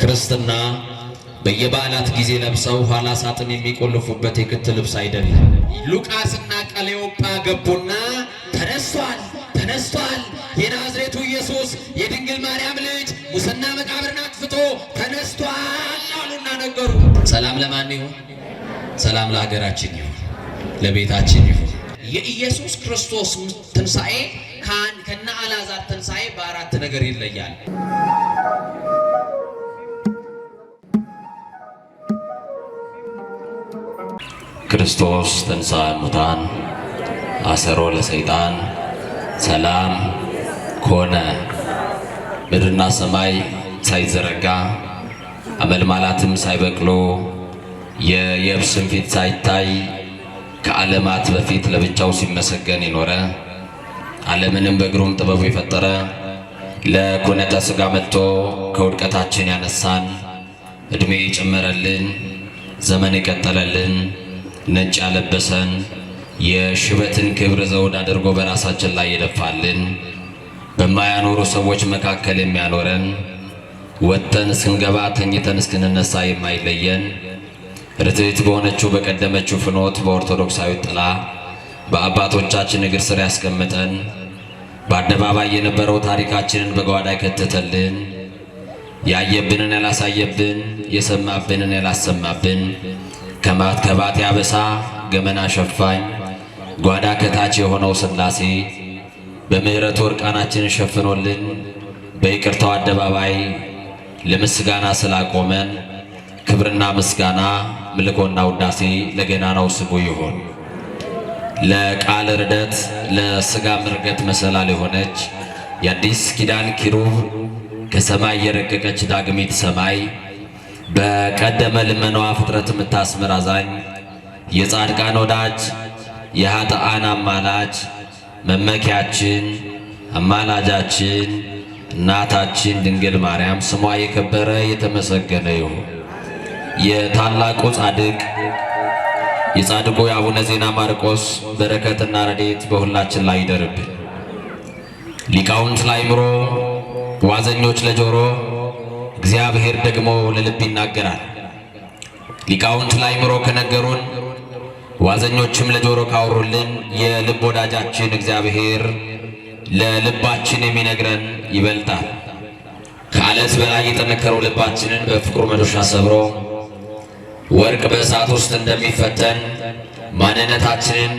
ክርስትና በየበዓላት ጊዜ ለብሰው ኋላ ሳጥን የሚቆልፉበት የክት ልብስ አይደለም። ሉቃስና ቀሌዮጳ ገቡና ተነስቷል፣ ተነስቷል የናዝሬቱ ኢየሱስ የድንግል ማርያም ልጅ ሙስና መቃብርን አጥፍቶ ተነስቷል አሉና ነገሩ። ሰላም ለማን ይሁን? ሰላም ለሀገራችን ይሁን፣ ለቤታችን ይሁን። የኢየሱስ ክርስቶስ ትንሣኤ ከነ አልዓዛር ትንሣኤ በአራት ነገር ይለያል። ክርስቶስ ተንሥአ እሙታን አሰሮ ለሰይጣን ሰላም ኮነ። ምድርና ሰማይ ሳይዘረጋ አመልማላትም ሳይበቅሎ የየብስም ፊት ሳይታይ ከዓለማት በፊት ለብቻው ሲመሰገን የኖረ ዓለምንም በግሩም ጥበቡ የፈጠረ ለኩነተ ሥጋ መጥቶ ከውድቀታችን ያነሳን እድሜ የጨመረልን ዘመን የቀጠለልን ነጭ ያለበሰን የሽበትን ክብር ዘውድ አድርጎ በራሳችን ላይ የደፋልን በማያኖሩ ሰዎች መካከል የሚያኖረን ወጥተን ስንገባ ተኝተን እስክንነሳ የማይለየን ርትዕት በሆነችው በቀደመችው ፍኖት በኦርቶዶክሳዊ ጥላ በአባቶቻችን እግር ስር ያስቀምጠን በአደባባይ የነበረው ታሪካችንን በጓዳ ከተተልን ያየብንን ያላሳየብን የሰማብንን ያላሰማብን ከማት ከባት ያበሳ ገመና ሸፋኝ ጓዳ ከታች የሆነው ሥላሴ በምሕረቱ እርቃናችንን ሸፍኖልን በይቅርታው አደባባይ ለምስጋና ስላቆመን ክብርና ምስጋና ምልኮና ውዳሴ ለገናናው ስሙ ይሆን። ለቃል ርደት ለሥጋ ምርገት መሰላል የሆነች የአዲስ ኪዳን ኪሩብ ከሰማይ የረቀቀች ዳግሚት ሰማይ በቀደመ ልመናዋ ፍጥረት የምታስምር አዛኝ፣ የጻድቃን ወዳጅ፣ የኃጥአን አማላጅ፣ መመኪያችን፣ አማላጃችን፣ እናታችን ድንግል ማርያም ስሟ የከበረ የተመሰገነ ይሁን። የታላቁ ጻድቅ የጻድቁ የአቡነ ዜና ማርቆስ በረከትና ረዴት በሁላችን ላይ ይደርብን። ሊቃውንት ለአእምሮ፣ ዋዘኞች ለጆሮ እግዚአብሔር ደግሞ ለልብ ይናገራል። ሊቃውንት ለአእምሮ ከነገሩን ዋዘኞችም ለጆሮ ካወሩልን የልብ ወዳጃችን እግዚአብሔር ለልባችን የሚነግረን ይበልጣል። ከአለት በላይ የጠነከረው ልባችንን በፍቅሩ መዶሻ ሰብሮ ወርቅ በእሳት ውስጥ እንደሚፈተን ማንነታችንን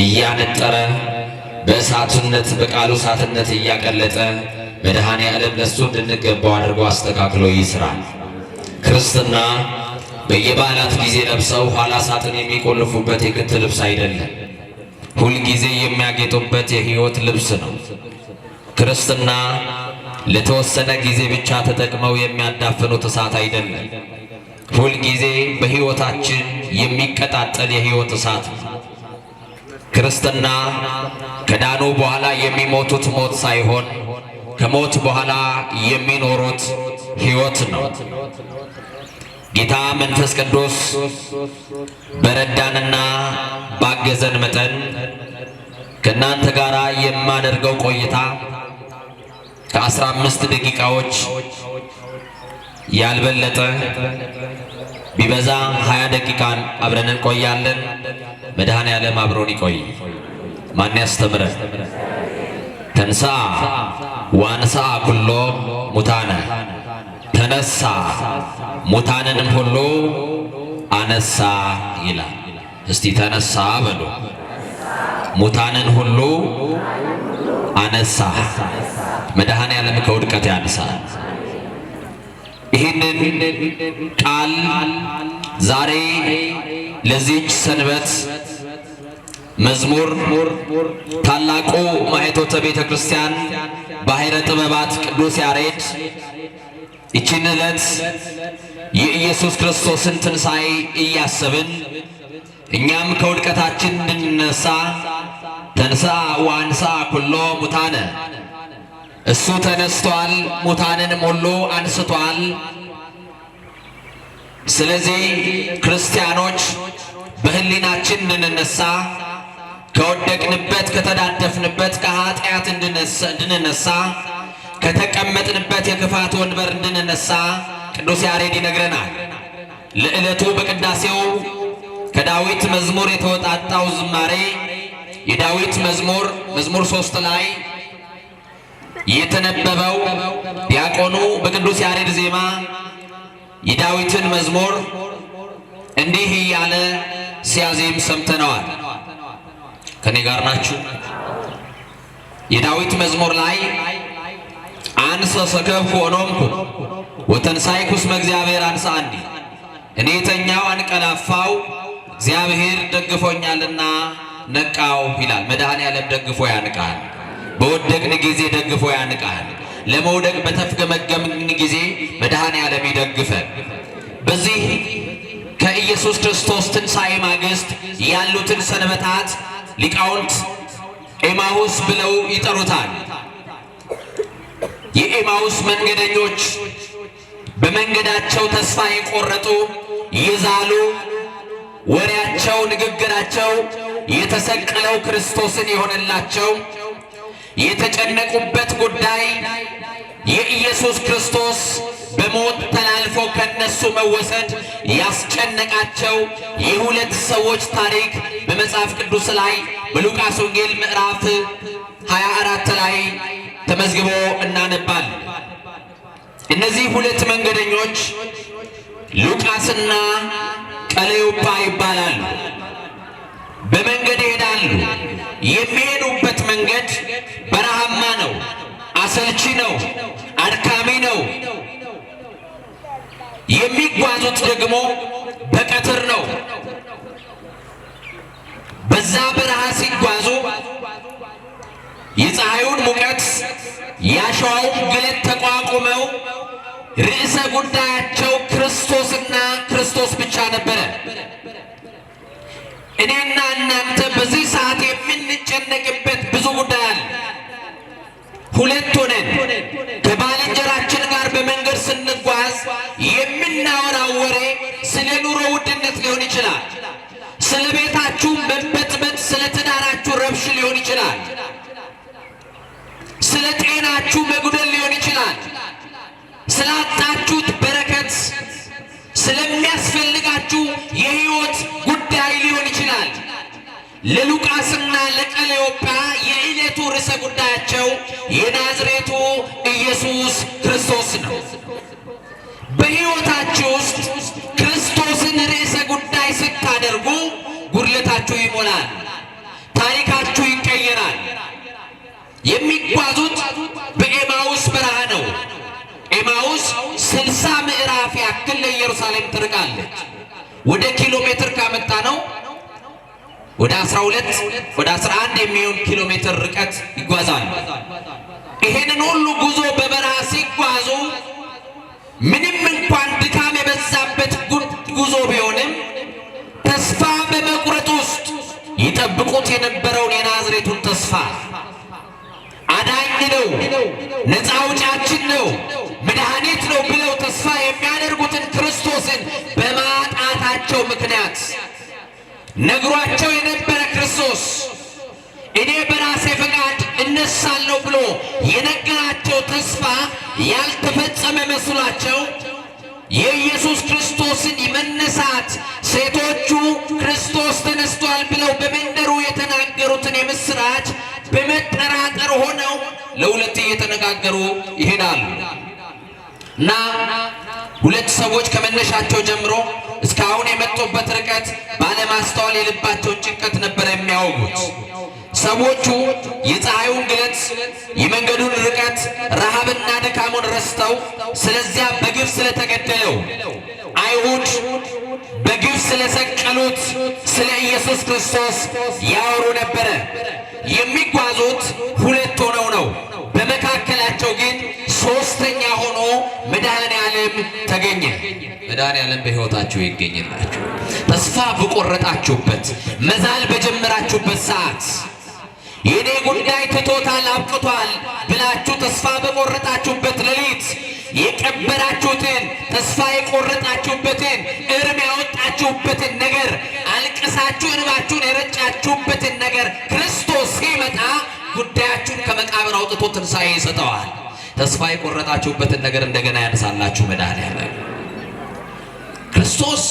እያነጠረ በእሳትነት በቃሉ እሳትነት እያቀለጠ መድኃኔ ዓለም ለእሱ እንድንገባው አድርጎ አስተካክሎ ይስራል። ክርስትና በየበዓላት ጊዜ ለብሰው ኋላ ሳጥን የሚቆልፉበት የክት ልብስ አይደለም፣ ሁልጊዜ የሚያጌጡበት የሕይወት ልብስ ነው። ክርስትና ለተወሰነ ጊዜ ብቻ ተጠቅመው የሚያዳፍኑት እሳት አይደለም፣ ሁልጊዜ በሕይወታችን የሚቀጣጠል የሕይወት እሳት ነው። ክርስትና ከዳኑ በኋላ የሚሞቱት ሞት ሳይሆን ከሞት በኋላ የሚኖሩት ሕይወት ነው። ጌታ መንፈስ ቅዱስ በረዳንና ባገዘን መጠን ከእናንተ ጋር የማደርገው ቆይታ ከአስራ አምስት ደቂቃዎች ያልበለጠ ቢበዛ ሀያ ደቂቃን አብረን እንቆያለን። መድኃኔ ዓለም አብሮን ይቆይ። ማን ያስተምረን? ተንሳ ዋንሳ ኩሎ ሙታነ ተነሳ ሙታንንም ሁሉ አነሳ ይላል። እስቲ ተነሳ በሉ። ሙታንን ሁሉ አነሳ። መድኃኔ ዓለም ከውድቀት ያነሳል። ይህንን ቃል ዛሬ ለዚች ሰንበት መዝሙር ታላቁ ማኅቶተ ቤተ ክርስቲያን ባሕረ ጥበባት ቅዱስ ያሬድ ይችን ዕለት የኢየሱስ ክርስቶስን ትንሣኤ እያሰብን እኛም ከውድቀታችን እንድንነሳ ተንሥአ ወአንሥአ ኩሎ ሙታነ እሱ ተነስቷል፣ ሙታንንም ሁሉ አንስቷል። ስለዚህ ክርስቲያኖች በሕሊናችን እንነሳ ከወደቅንበት ከተዳደፍንበት ከኃጢአት እንድንነሳ ከተቀመጥንበት የክፋት ወንበር እንድንነሳ ቅዱስ ያሬድ ይነግረናል። ለዕለቱ በቅዳሴው ከዳዊት መዝሙር የተወጣጣው ዝማሬ የዳዊት መዝሙር መዝሙር ሶስት ላይ የተነበበው ዲያቆኑ በቅዱስ ያሬድ ዜማ የዳዊትን መዝሙር እንዲህ እያለ ሲያዜም ሰምተነዋል። ከኔ ጋር ናችሁ? የዳዊት መዝሙር ላይ አንሰ ሰከብኩ ወኖምኩ ወተንሳይኩ እስመ እግዚአብሔር አንሳኒ፣ እኔ የተኛው አንቀላፋው እግዚአብሔር ደግፎኛልና ነቃው ይላል። መድኃኔ ደግፎ ያንቃል። በወደቅን ጊዜ ደግፎ ያንቃል። ለመውደቅ በተፍገመገምን ጊዜ መድኃኔ ያለም ይደግፈን። በዚህ ከኢየሱስ ክርስቶስ ትንሣኤ ማግስት ያሉትን ሰንበታት ሊቃውንት ኤማውስ ብለው ይጠሩታል። የኤማውስ መንገደኞች በመንገዳቸው ተስፋ የቆረጡ ይዛሉ። ወሬያቸው፣ ንግግራቸው የተሰቀለው ክርስቶስን የሆነላቸው የተጨነቁበት ጉዳይ የኢየሱስ ክርስቶስ በሞት ተላልፎ ከነሱ መወሰድ ያስጨነቃቸው የሁለት ሰዎች ታሪክ በመጽሐፍ ቅዱስ ላይ በሉቃስ ወንጌል ምዕራፍ 24 ላይ ተመዝግቦ እናነባል። እነዚህ ሁለት መንገደኞች ሉቃስና ቀለዮጳ ይባላሉ። በመንገድ ይሄዳሉ የሚሄዱ አሰልቺ ነው፣ አድካሚ ነው። የሚጓዙት ደግሞ በቀትር ነው። በዛ በረሃ ሲጓዙ የፀሐዩን ሙቀት የአሸዋውን ግለት ተቋቁመው ርዕሰ ጉዳያቸው ክርስቶስና ክርስቶስ ብቻ ነበረ። እኔና እናንተ በዚህ ሰዓት የምንጨነቅበት ብዙ ጉዳይ አለ። ሁለት ሆነን ከባልንጀራችን ጋር በመንገድ ስንጓዝ የምናወራው ወሬ ስለ ኑሮ ውድነት ሊሆን ይችላል። ስለ ቤታችሁ መበጥበጥ፣ ስለ ትዳራችሁ ረብሽ ሊሆን ይችላል። ስለ ጤናችሁ መጉደል ሊሆን ይችላል። ስላጣችሁት በረከት፣ ስለሚያስፈልጋችሁ የህይወት ጉዳይ ሊሆን ይችላል። ለሉቃስና ለቀለዮጳ የዕለቱ ርዕሰ ጉዳያቸው የናዝሬቱ ኢየሱስ ክርስቶስ ነው። በሕይወታችሁ ውስጥ ክርስቶስን ርዕሰ ጉዳይ ስታደርጉ ጉድለታችሁ ይሞላል፣ ታሪካችሁ ይቀየራል። የሚጓዙት በኤማውስ በረሃ ነው። ኤማውስ ስልሳ ምዕራፍ ያክል ለኢየሩሳሌም ትርቃለች። ወደ ኪሎ ሜትር ካመጣ ነው ወደ 12 ወደ 11 የሚሆን ኪሎ ሜትር ርቀት ይጓዛሉ። ይሄንን ሁሉ ጉዞ በበረሃ ሲጓዙ ምንም እንኳን ድካም የበዛበት ጉዞ ቢሆንም ተስፋ በመቁረጥ ውስጥ ይጠብቁት የነበረውን የናዝሬቱን ተስፋ አዳኝ ነው፣ ነፃ አውጫችን ነው፣ መድኃኒት ነው ብለው ተስፋ የሚያደርጉትን ክርስቶስን በማጣታቸው ምክንያት ነግሯቸው የነበረ ክርስቶስ እኔ በራሴ ፈቃድ እነሳለሁ ብሎ የነገራቸው ተስፋ ያልተፈጸመ መስሏቸው የኢየሱስ ክርስቶስን መነሳት ሴቶቹ ክርስቶስ ተነስቷል ብለው በመንደሩ የተናገሩትን የምስራች በመጠራጠር ሆነው ለሁለት እየተነጋገሩ ይሄዳሉ እና ሁለት ሰዎች ከመነሻቸው ጀምሮ እስካሁን የመጡበት ርቀት ባለማስተዋል የልባቸውን ጭንቀት ነበር የሚያውቁት። ሰዎቹ የፀሐዩን ግለት፣ የመንገዱን ርቀት፣ ረሃብና ድካሙን ረስተው ስለዚያ በግብ ስለተገደለው አይሁድ በግብ ስለሰቀሉት ስለ ኢየሱስ ክርስቶስ ያወሩ ነበረ። የሚጓዙት ሁለት ሆነው ነው። በመካከላቸው ግን ሦስተኛ ሆኖ መድኃኔ ዓለም ተገኘ። መድኃኔዓለም በሕይወታችሁ ይገኝላችሁ። ተስፋ በቆረጣችሁበት መዛል በጀመራችሁበት ሰዓት የኔ ጉዳይ ትቶታል አብቅቷል ብላችሁ ተስፋ በቆረጣችሁበት ሌሊት የቀበራችሁትን ተስፋ የቆረጣችሁበትን እርም ያወጣችሁበትን ነገር አልቅሳችሁ እንባችሁን የረጫችሁበትን ነገር ክርስቶስ ሲመጣ ጉዳያችሁን ከመቃብር አውጥቶ ትንሣኤ ይሰጠዋል። ተስፋ የቆረጣችሁበትን ነገር እንደገና ያነሳላችሁ መድኃኔዓለም ክርስቶስ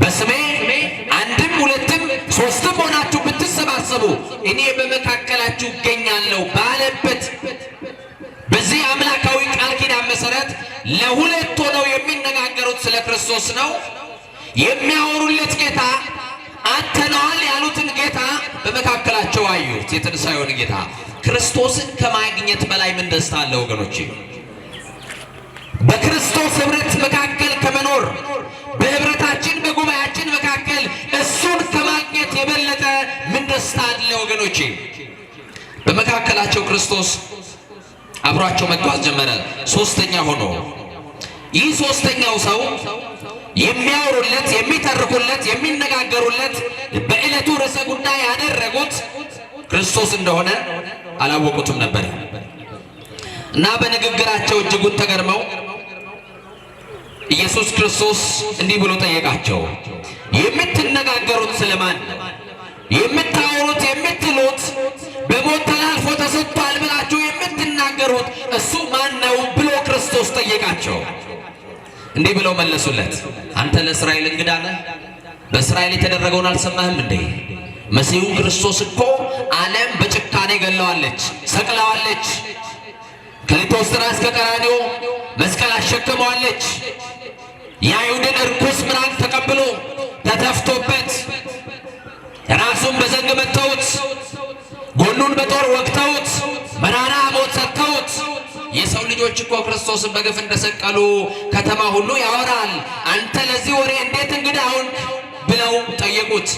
በስሜ አንድም ሁለትም ሶስትም ሆናችሁ ብትሰባሰቡ እኔ በመካከላችሁ እገኛለሁ ባለበት በዚህ አምላካዊ ቃል ኪዳን መሰረት ለሁለት ሆነው የሚነጋገሩት ስለ ክርስቶስ ነው። የሚያወሩለት ጌታ አተነዋል ያሉትን ጌታ በመካከላቸው አዩት። የትንሣኤውን ጌታ ክርስቶስን ከማግኘት በላይ ምን ደስታ አለ ወገኖቼ? በክርስቶስ ህብረት መካከል ከመኖር በህብረታችን በጉባኤያችን መካከል እሱን ከማግኘት የበለጠ ምን ደስታ አለ ወገኖቼ? በመካከላቸው ክርስቶስ አብሯቸው መጓዝ ጀመረ። ሶስተኛ ሆኖ ይህ ሶስተኛው ሰው የሚያወሩለት፣ የሚተርኩለት፣ የሚነጋገሩለት በዕለቱ ርዕሰ ጉዳይ ያደረጉት ክርስቶስ እንደሆነ አላወቁትም ነበር እና በንግግራቸው እጅጉን ተገርመው ኢየሱስ ክርስቶስ እንዲህ ብሎ ጠየቃቸው፣ የምትነጋገሩት ስለማን ነው? የምታወሩት የምትሉት በሞት ተላልፎ ተሰጥቷል ብላችሁ የምትናገሩት እሱ ማን ነው ብሎ ክርስቶስ ጠየቃቸው። እንዲህ ብለው መለሱለት፣ አንተ ለእስራኤል እንግዳ ነህ? በእስራኤል የተደረገውን አልሰማህም እንዴ? መሲሁ ክርስቶስ እኮ ዓለም በጭካኔ ገለዋለች፣ ሰቅለዋለች። ከሊቶስጥራ እስከ ቀራንዮ መስቀል አሸክመዋለች። የአይሁድን እርኩስ ምራን ተቀብሎ ተተፍቶበት ራሱን በዘንግ መተውት ጎኑን በጦር ወቅተውት መራራ ሞት ሰጥተውት የሰው ልጆች እኮ ክርስቶስን በግፍ እንደሰቀሉ ከተማ ሁሉ ያወራል። አንተ ለዚህ ወሬ እንዴት እንግዳ አሁን ብለው ጠየቁት።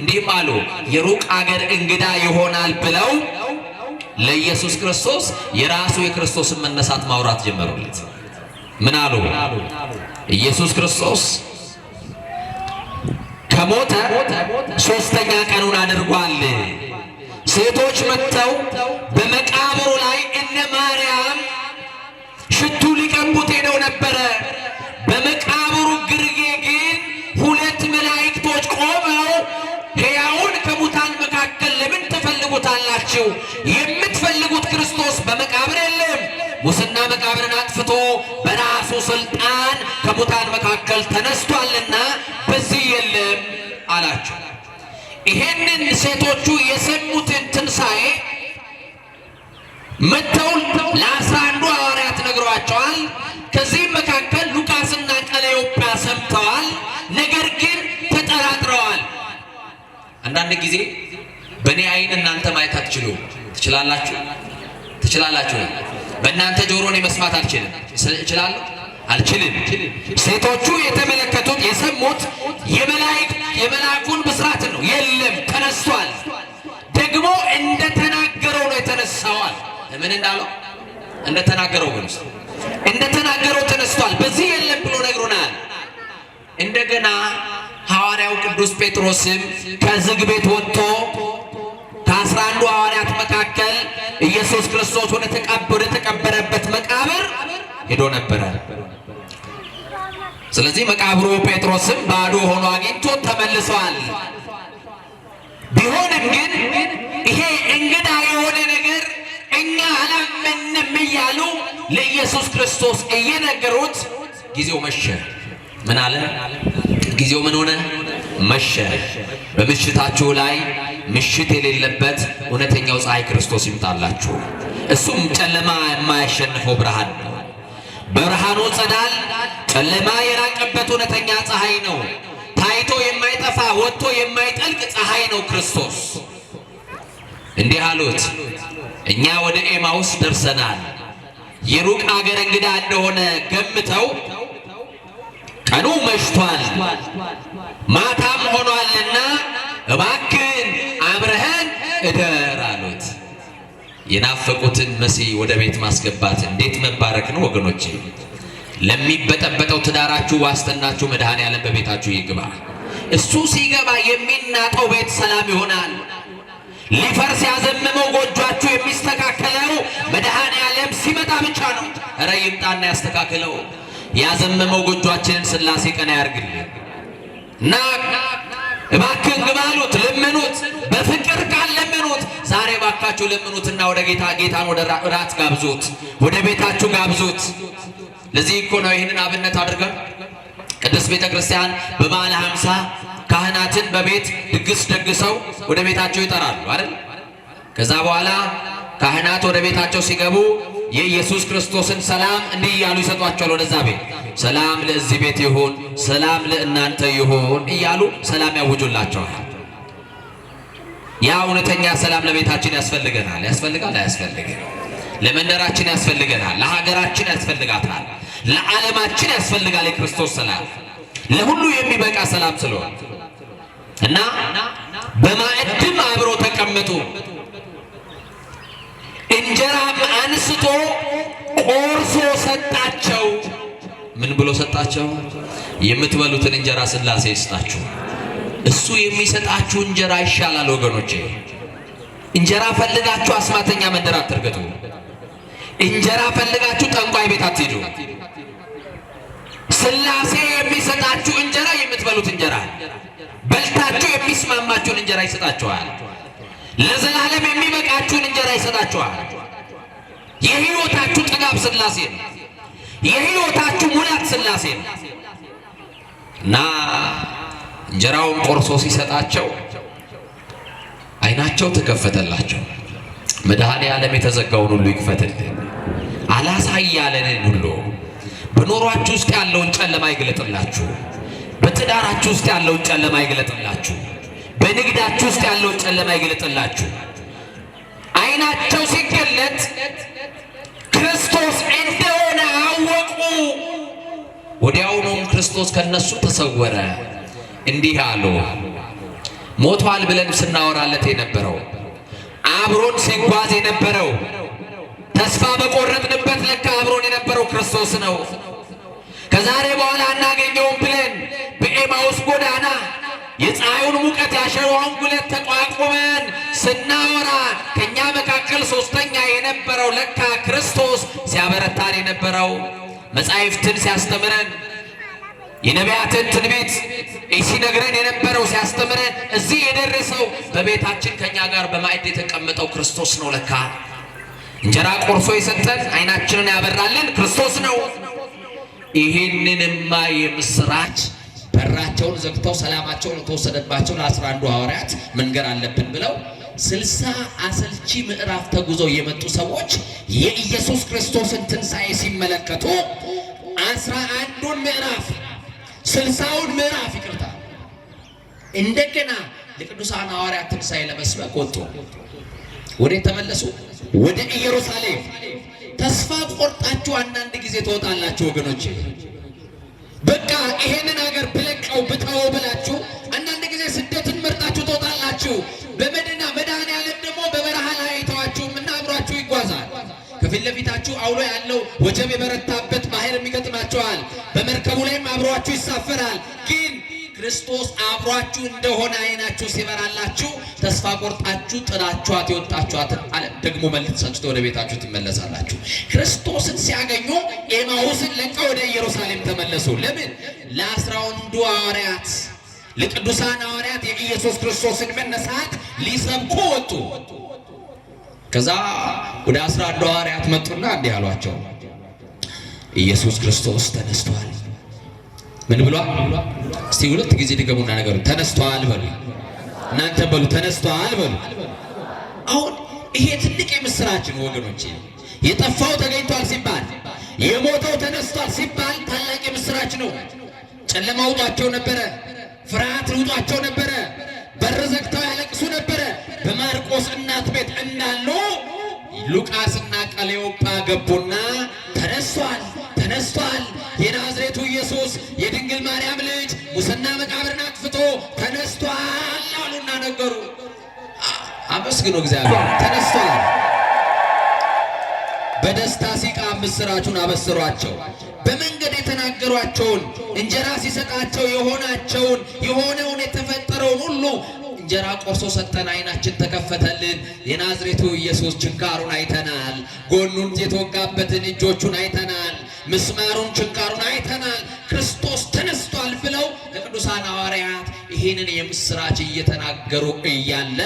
እንዲህም አሉ የሩቅ አገር እንግዳ ይሆናል ብለው ለኢየሱስ ክርስቶስ የራሱ የክርስቶስን መነሳት ማውራት ጀመሩለት። ምን አሉ? ኢየሱስ ክርስቶስ ከሞተ ሶስተኛ ቀኑን አድርጓል። ሴቶች መጥተው በመቃብሩ ላይ እነ ማርያም ሽቱ ሊቀቡት ሄደው ነበረ። በመቃብሩ ግርጌ ናችሁ። የምትፈልጉት ክርስቶስ በመቃብር የለም። ሙስና መቃብርን አጥፍቶ በራሱ ስልጣን ከሙታን መካከል ተነስቷልና በዚህ የለም አላቸው። ይሄንን ሴቶቹ የሰሙትን ትንሣኤ መጥተው ለአስራ አንዱ ሐዋርያት ነግሯቸዋል። ከዚህም መካከል ሉቃስና ቀለዮጵያ ሰምተዋል፣ ነገር ግን ተጠራጥረዋል። አንዳንድ ጊዜ በእኔ አይን እናንተ ማየት አትችሉ ትችላላችሁ ትችላላችሁ። በእናንተ ጆሮ እኔ መስማት አልችልም እችላለሁ አልችልም። ሴቶቹ የተመለከቱት የሰሙት የመላኩን ብስራት ነው። የለም ተነስቷል፣ ደግሞ እንደተናገረው ነው የተነሳዋል። ምን እንዳለው እንደተናገረው ግን እንደተናገረው ተነስቷል። በዚህ የለም ብሎ ነግሮናል። እንደገና ሐዋርያው ቅዱስ ጴጥሮስም ከዝግ ቤት ወጥቶ ከአንዱ ሐዋርያት መካከል ኢየሱስ ክርስቶስ ወደ ተቀበረበት መቃብር ሄዶ ነበረ። ስለዚህ መቃብሩ ጴጥሮስም ባዶ ሆኖ አግኝቶ ተመልሷል። ቢሆንም ግን ይሄ እንግዳ የሆነ ነገር እኛ አላመንም እያሉ ለኢየሱስ ክርስቶስ እየነገሩት ጊዜው መሸ። ምን አለ? ጊዜው ምን ሆነ? መሸ። በምሽታችሁ ላይ ምሽት የሌለበት እውነተኛው ፀሐይ ክርስቶስ ይምጣላችሁ። እሱም ጨለማ የማያሸንፈው ብርሃን ነው። በብርሃኑ ጸዳል ጨለማ የራቀበት እውነተኛ ፀሐይ ነው። ታይቶ የማይጠፋ ወጥቶ የማይጠልቅ ፀሐይ ነው ክርስቶስ። እንዲህ አሉት፣ እኛ ወደ ኤማውስ ደርሰናል። የሩቅ አገር እንግዳ እንደሆነ ገምተው ቀኑ መሽቷል ማታም ሆኗልና እባክን አብረኸን እደር አሉት። የናፈቁትን መሲህ ወደ ቤት ማስገባት እንዴት መባረክ ነው ወገኖች ለሚበጠበጠው ትዳራችሁ ዋስትናችሁ መድኃኔዓለም በቤታችሁ ይግባ። እሱ ሲገባ የሚናጠው ቤት ሰላም ይሆናል። ሊፈርስ ያዘመመው ጎጇችሁ የሚስተካከለው መድኃኔዓለም ሲመጣ ብቻ ነው። እረ ይምጣና ያስተካክለው። ያዘመመው ጎጆአችንን ሥላሴ ቀና ያርግልን እና እባክህን ግባ አሉት። ለመኑት፣ በፍቅር ቃል ለመኑት። ዛሬ እባካችሁ ለምኑትና ወደ ጌታ ጌታን ወደ ራት ጋብዙት፣ ወደ ቤታችሁ ጋብዙት። ለዚህ እኮ ነው ይህንን አብነት አድርገን ቅድስት ቤተ ክርስቲያን በበዓለ ሃምሳ ካህናትን በቤት ድግስ ደግሰው ወደ ቤታቸው ይጠራሉ አይደል? ከዛ በኋላ ካህናት ወደ ቤታቸው ሲገቡ የኢየሱስ ክርስቶስን ሰላም እንዲህ እያሉ ይሰጧቸዋል። ወደዛ ቤት ሰላም ለዚህ ቤት ይሁን፣ ሰላም ለእናንተ ይሁን እያሉ ሰላም ያውጁላቸዋል። ያ እውነተኛ ሰላም ለቤታችን ያስፈልገናል። ያስፈልጋል፣ አያስፈልግም። ለመንደራችን ያስፈልገናል፣ ለሀገራችን ያስፈልጋታል፣ ለዓለማችን ያስፈልጋል። የክርስቶስ ሰላም ለሁሉ የሚበቃ ሰላም ስለሆነ እና በማዕድም አብሮ ተቀመጡ እንጀራም አንስቶ ቆርሶ ሰጣቸው። ምን ብሎ ሰጣቸው? የምትበሉትን እንጀራ ስላሴ ይስጣችሁ። እሱ የሚሰጣችሁ እንጀራ ይሻላል ወገኖቼ። እንጀራ ፈልጋችሁ አስማተኛ መንደር አትርገጡ። እንጀራ ፈልጋችሁ ጠንቋይ ቤት አትሂዱ። ሥላሴ የሚሰጣችሁ እንጀራ የምትበሉት እንጀራ በልታችሁ የሚስማማችሁን እንጀራ ይሰጣችኋል። ለዘላለም የሚበቃችሁን እንጀራ ይሰጣችኋል። የህይወታችሁ ጥጋብ ስላሴ ነው። የህይወታችሁ ሙላት ስላሴ ነው እና እንጀራውን ቆርሶ ሲሰጣቸው አይናቸው ተከፈተላቸው። መድኃኔ ዓለም የተዘጋውን ሁሉ ይክፈትልን፣ አላሳያለንን ሁሉ በኖሯችሁ ውስጥ ያለውን ጨለማ ይግለጥላችሁ፣ በትዳራችሁ ውስጥ ያለውን ጨለማ ይግለጥላችሁ፣ በንግዳችሁ ውስጥ ያለውን ጨለማ ይግለጥላችሁ። አይናቸው ሲገለጥ ክርስቶስ እንደሆነ አወቁ። ወዲያውኑም ክርስቶስ ከነሱ ተሰወረ። እንዲህ አሉ። ሞቷል ብለን ስናወራለት የነበረው አብሮን ሲጓዝ የነበረው ተስፋ በቆረጥንበት ለካ አብሮን የነበረው ክርስቶስ ነው። ከዛሬ በኋላ አናገኘውም ብለን በኤማውስ ጎዳና የፀሐዩን ሙቀት ያሸዋውን ጉለት ተቋቁመን ስናወራ ከእኛ መካከል ሶስተኛ የነበረው ለካ ክርስቶስ ሲያበረታን የነበረው መጻሕፍትን ሲያስተምረን የነቢያትን ትንቢት ሲነግረን የነበረው ሲያስተምረን እዚህ የደረሰው በቤታችን ከእኛ ጋር በማዕድ የተቀመጠው ክርስቶስ ነው። ለካ እንጀራ ቆርሶ የሰጠን አይናችንን ያበራልን ክርስቶስ ነው። ይህንንማ የምስራች በራቸውን ዘግተው ሰላማቸውን የተወሰደባቸው ለአስራ አንዱ ሐዋርያት መንገር አለብን ብለው ስልሳ አሰልቺ ምዕራፍ ተጉዘው የመጡ ሰዎች የኢየሱስ ክርስቶስን ትንሣኤ ሲመለከቱ አስራ አንዱን ምዕራፍ ስልሳውን ምዕራፍ ይቅርታ እንደገና ለቅዱሳን ሐዋርያት ትንሣኤ ለመስበክ ወጡ። ወደ ተመለሱ ወደ ኢየሩሳሌም። ተስፋ ቆርጣችሁ አንዳንድ ጊዜ ትወጣላችሁ ወገኖች በቃ ይሄንን ሀገር ብለቀው ብተው ብላችሁ አንዳንድ ጊዜ ስደትን መርጣችሁ ትወጣላችሁ። በመድና መድኃኔዓለም ደግሞ በበረሃ ላይ አይተዋችሁም እና አብሯችሁ ይጓዛል። ከፊት ለፊታችሁ አውሎ ያለው ወጀብ የበረታበት ባህር የሚገጥማችኋል። በመርከቡ ላይም አብሯችሁ ይሳፈራል። ግን ክርስቶስ አብሯችሁ እንደሆነ አይናችሁ ሲበራላችሁ ተስፋ ቆርጣችሁ ጥላችኋት የወጣችኋት አለ ደግሞ መልሳችሁ ወደ ቤታችሁ ትመለሳላችሁ። ክርስቶስን ሲያገኙ ጳውሎስን ለቀው ወደ ኢየሩሳሌም ተመለሱ። ለምን? ለአስራ አንዱ ሐዋርያት ለቅዱሳን ሐዋርያት የኢየሱስ ክርስቶስን መነሳት ሊሰብኩ ወጡ። ከዛ ወደ አስራ አንዱ ሐዋርያት መጡና እንዲህ አሏቸው፣ ኢየሱስ ክርስቶስ ተነስቷል። ምን ብሏል? እስቲ ሁለት ጊዜ ድገሙና ነገሩ ተነስቷል በሉ። እናንተ በሉ ተነስቷል በሉ። አሁን ይሄ ትልቅ የምስራችን ወገኖች፣ የጠፋው ተገኝቷል ሲባል የሞተው ተነስቷል ሲባል ታላቅ የምስራች ነው። ጨለማ ውጧቸው ነበረ። ፍርሃት ውጧቸው ነበረ። በር ዘግተው ያለቅሱ ነበረ። በማርቆስ እናት ቤት እንዳሉ ሉቃስና ቀሌዮጳ ገቡና ተነስቷል፣ ተነስቷል የናዝሬቱ ኢየሱስ የድንግል ማርያም ልጅ ሙስና መቃብርን አጥፍቶ ተነስቷል አሉና ነገሩ። አመስግኖ እግዚአብሔር ተነስቷል በደስታ ሲቃ ምስራቹን አበስሯቸው በመንገድ የተናገሯቸውን እንጀራ ሲሰጣቸው የሆናቸውን የሆነውን የተፈጠረውን ሁሉ እንጀራ ቆርሶ ሰጠን፣ አይናችን ተከፈተልን። የናዝሬቱ ኢየሱስ ችንካሩን አይተናል። ጎኑን የተወጋበትን እጆቹን አይተናል። ምስማሩን ችንካሩን አይተናል። ክርስቶስ ተነስቷል ብለው ለቅዱሳን ሐዋርያት ይህንን የምስራች እየተናገሩ እያለ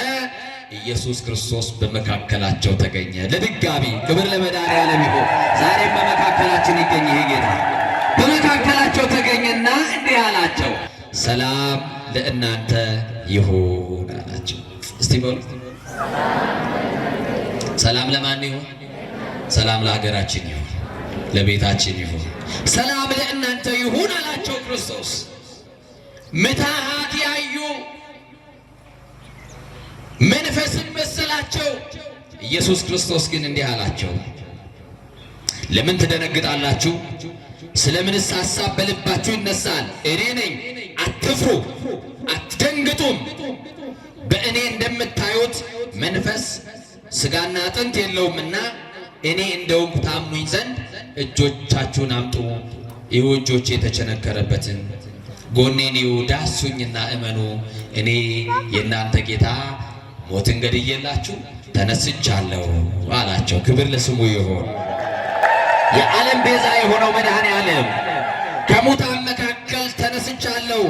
ኢየሱስ ክርስቶስ በመካከላቸው ተገኘ። ለድጋሚ ክብር ለመድኃኒዓለም ይሁን። ዛሬም በመካከላችን ይገኝ ይሄ ጌታ በመካከላቸው ተገኘና እንዲህ አላቸው፣ ሰላም ለእናንተ ይሁን አላቸው። እስቲ በሉ ሰላም ለማን ይሁን? ሰላም ለሀገራችን ይሁን፣ ለቤታችን ይሁን፣ ሰላም ለእናንተ ይሁን አላቸው ክርስቶስ ምታሃት ያዩ መንፈስን መሰላቸው። ኢየሱስ ክርስቶስ ግን እንዲህ አላቸው፣ ለምን ትደነግጣላችሁ? ስለምንስ ሐሳብ በልባችሁ ይነሳል? እኔ ነኝ፣ አትፍሩ፣ አትደንግጡም። በእኔ እንደምታዩት መንፈስ ሥጋና አጥንት የለውምና እኔ እንደውም ታምኑኝ ዘንድ እጆቻችሁን አምጡ። ይሁ እጆች የተቸነከረበትን ጎኔን ይሁ ዳሱኝና እመኑ። እኔ የእናንተ ጌታ ሞት ገድዬላችሁ ተነስቻለሁ አላቸው። ክብር ለስሙ ይሁን። የዓለም ቤዛ የሆነው መድኃኔ ዓለም ከሙታን መካከል ተነስቻለሁ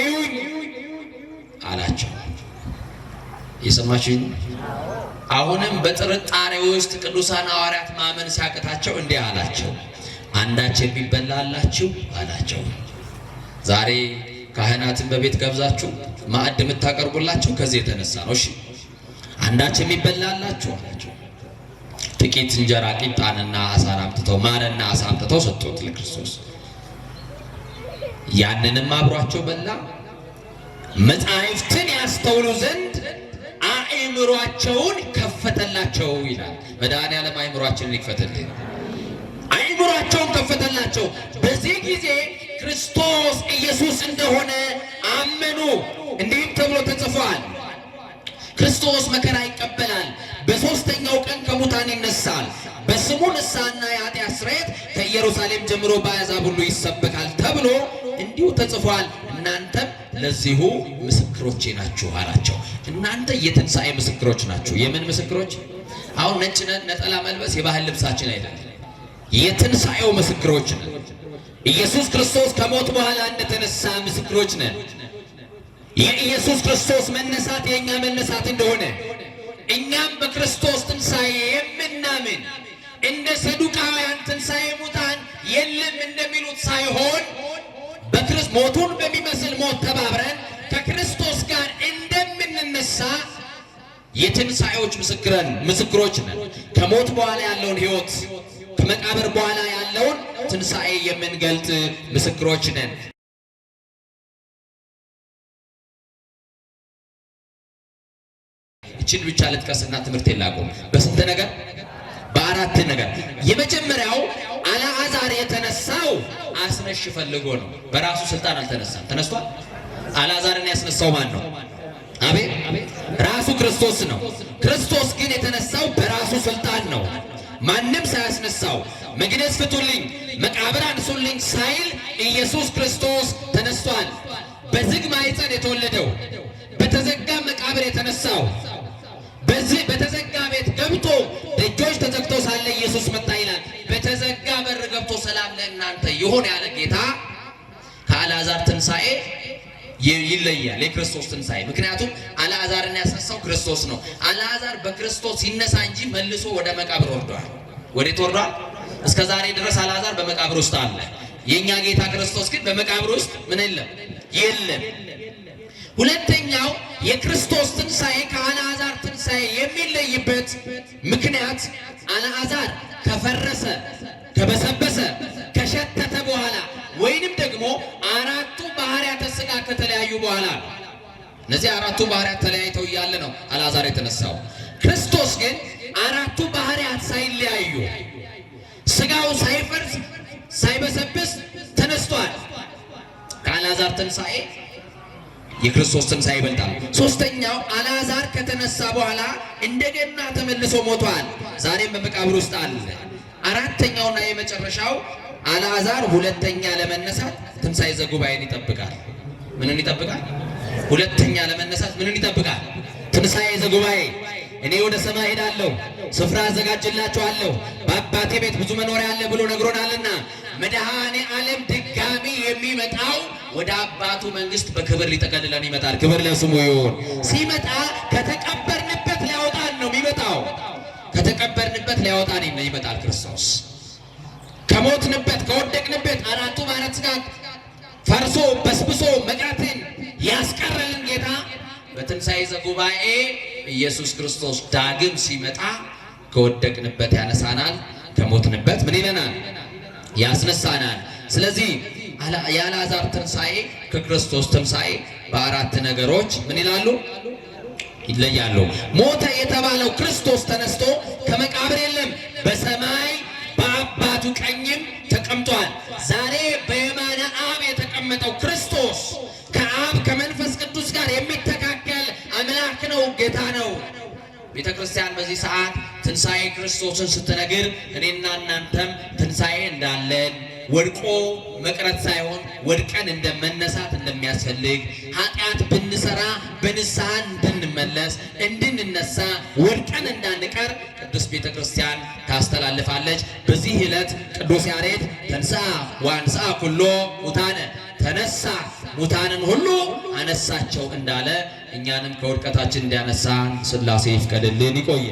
እዩኝ አላቸው። የሰማችሁኝ? አሁንም በጥርጣሬ ውስጥ ቅዱሳን ሐዋርያት ማመን ሲያቅታቸው እንዲህ አላቸው፣ አንዳች የሚበላላችሁ አላቸው። ዛሬ ካህናትን በቤት ገብዛችሁ ማዕድ የምታቀርቡላችሁ ከዚህ የተነሳ ነው። እሺ አንዳች የሚበላ አላችሁ አላቸው። ጥቂት እንጀራ ቂጣንና አሳር አምጥተው ማርና አሳ አምጥተው ሰጡት ለክርስቶስ። ያንንም አብሯቸው በላ። መጻሕፍትን ያስተውሉ ዘንድ አእምሯቸውን ከፈተላቸው ይላል። መድኃኔዓለም አእምሯችንን ይክፈትልን። አእምሯቸውን ከፈተላቸው። በዚህ ጊዜ ክርስቶስ ኢየሱስ እንደሆነ አመኑ። እንዲህም ተብሎ ተጽፏል ክርስቶስ መከራ ይቀበላል፣ በሦስተኛው ቀን ከሙታን ይነሳል፣ በስሙ ንስሐና የኃጢአት ስርየት ከኢየሩሳሌም ጀምሮ በአሕዛብ ሁሉ ይሰበካል ተብሎ እንዲሁ ተጽፏል። እናንተም ለዚሁ ምስክሮቼ ናችሁ አላቸው። እናንተ የትንሣኤ ምስክሮች ናችሁ። የምን ምስክሮች? አሁን ነጭ ነጠላ መልበስ የባህል ልብሳችን አይደለም። የትንሣኤው ምስክሮች ነን። ኢየሱስ ክርስቶስ ከሞት በኋላ እንደተነሳ ምስክሮች ነን። የኢየሱስ ክርስቶስ መነሳት የእኛ መነሳት እንደሆነ እኛም በክርስቶስ ትንሣኤ የምናምን እንደ ሰዱቃውያን ትንሣኤ ሙታን የለም እንደሚሉት ሳይሆን ሞቱን በሚመስል ሞት ተባብረን ከክርስቶስ ጋር እንደምንነሳ የትንሣኤዎች ምስክሮች ነን። ከሞት በኋላ ያለውን ሕይወት ከመቃብር በኋላ ያለውን ትንሣኤ የምንገልጥ ምስክሮች ነን። ይችን ብቻ ልጥቀስና ትምህርት የላቁም። በስንት ነገር? በአራት ነገር። የመጀመሪያው አልዓዛር የተነሳው አስነሽ ፈልጎ ነው። በራሱ ስልጣን አልተነሳም። ተነስቷል። አልዓዛርን ያስነሳው ማን ነው? አቤ ራሱ ክርስቶስ ነው። ክርስቶስ ግን የተነሳው በራሱ ስልጣን ነው። ማንም ሳያስነሳው መግነዝ ፍቱልኝ፣ መቃብር አንሱልኝ ሳይል ኢየሱስ ክርስቶስ ተነስቷል። በዝግ የተወለደው በተዘጋ መቃብር የተነሳው በዚህ በተዘጋ ቤት ገብቶ ደጆች ተዘግቶ ሳለ ኢየሱስ መጣ ይላል። በተዘጋ በር ገብቶ ሰላም ለእናንተ ይሁን ያለ ጌታ ከአልዓዛር ትንሣኤ ይለያል የክርስቶስ ትንሣኤ። ምክንያቱም አልዓዛርን ያስነሳው ክርስቶስ ነው። አልዓዛር በክርስቶስ ሲነሳ እንጂ መልሶ ወደ መቃብር ወርዷል። ወዴት ወርዷል? እስከ ዛሬ ድረስ አልዓዛር በመቃብር ውስጥ አለ። የእኛ ጌታ ክርስቶስ ግን በመቃብር ውስጥ ምን የለም የለም። ሁለተኛው የክርስቶስ ትንሣኤ ከአልዓዛር ትንሣኤ የሚለይበት ምክንያት አልዓዛር ከፈረሰ፣ ከበሰበሰ፣ ከሸተተ በኋላ ወይንም ደግሞ አራቱ ባህርያተ ሥጋ ከተለያዩ በኋላ እነዚህ አራቱ ባህርያት ተለያይተው እያለ ነው አልዓዛር የተነሳው። ክርስቶስ ግን አራቱ ባህርያት ሳይለያዩ ሥጋው ሳይፈርስ ሳይበሰብስ ተነስቷል። ከአልዓዛር ትንሣኤ የክርስቶስ ትንሣኤ ይበልጣል። ሶስተኛው አልዓዛር ከተነሳ በኋላ እንደገና ተመልሶ ሞቷል። ዛሬም በመቃብር ውስጥ አለ። አራተኛውና የመጨረሻው አልዓዛር ሁለተኛ ለመነሳት ትንሣኤ ዘጉባኤን ይጠብቃል። ምንን ይጠብቃል? ሁለተኛ ለመነሳት ምንን ይጠብቃል? ትንሣኤ ዘጉባኤ። እኔ ወደ ሰማይ ሄዳለሁ፣ ስፍራ አዘጋጅላችኋለሁ፣ በአባቴ ቤት ብዙ መኖሪያ አለ ብሎ ነግሮናልና መድኃኔ ዓለም ድጋሚ የሚመጣው ወደ አባቱ መንግስት በክብር ሊጠቀልለን ይመጣል። ክብር ለስሙ ይሁን። ሲመጣ ከተቀበርንበት ሊያወጣን ነው የሚመጣው። ከተቀበርንበት ሊያወጣን ነው ይመጣል ክርስቶስ። ከሞትንበት ከወደቅንበት አራቱ ማለት ሥጋ ፈርሶ በስብሶ መቃትን ያስቀረልን ጌታ በትንሣኤ ዘጉባኤ ኢየሱስ ክርስቶስ ዳግም ሲመጣ ከወደቅንበት ያነሳናል፣ ከሞትንበት ምን ይለናል? ያስነሳናል። ስለዚህ የአልዓዛር ትንሣኤ ከክርስቶስ ትንሣኤ በአራት ነገሮች ምን ይላሉ? ይለያሉ። ሞተ የተባለው ክርስቶስ ተነስቶ ከመቃብር የለም፣ በሰማይ በአባቱ ቀኝም ተቀምጧል። ዛሬ በየማነ አብ የተቀመጠው ክርስቶስ ከአብ ከመንፈስ ቅዱስ ጋር የሚተካከል አምላክ ነው፣ ጌታ ነው። ቤተ ክርስቲያን በዚህ ሰዓት ትንሣኤ ክርስቶስን ስትነግር እኔና እናንተም ትንሣኤ እንዳለን ወድቆ መቅረት ሳይሆን ወድቀን እንደመነሳት እንደሚያስፈልግ ኃጢአት ብንሰራ በንስሐ እንድንመለስ እንድንነሳ ወድቀን እንዳንቀር ቅዱስ ቤተ ክርስቲያን ታስተላልፋለች። በዚህ ዕለት ቅዱስ ያሬድ ተንሳ ወአንስአ ኩሎ ሙታነ ተነሳ ሙታንን ሁሉ አነሳቸው እንዳለ እኛንም ከውድቀታችን እንዲያነሳን ሥላሴ ይፍቀድልን። ይቆየ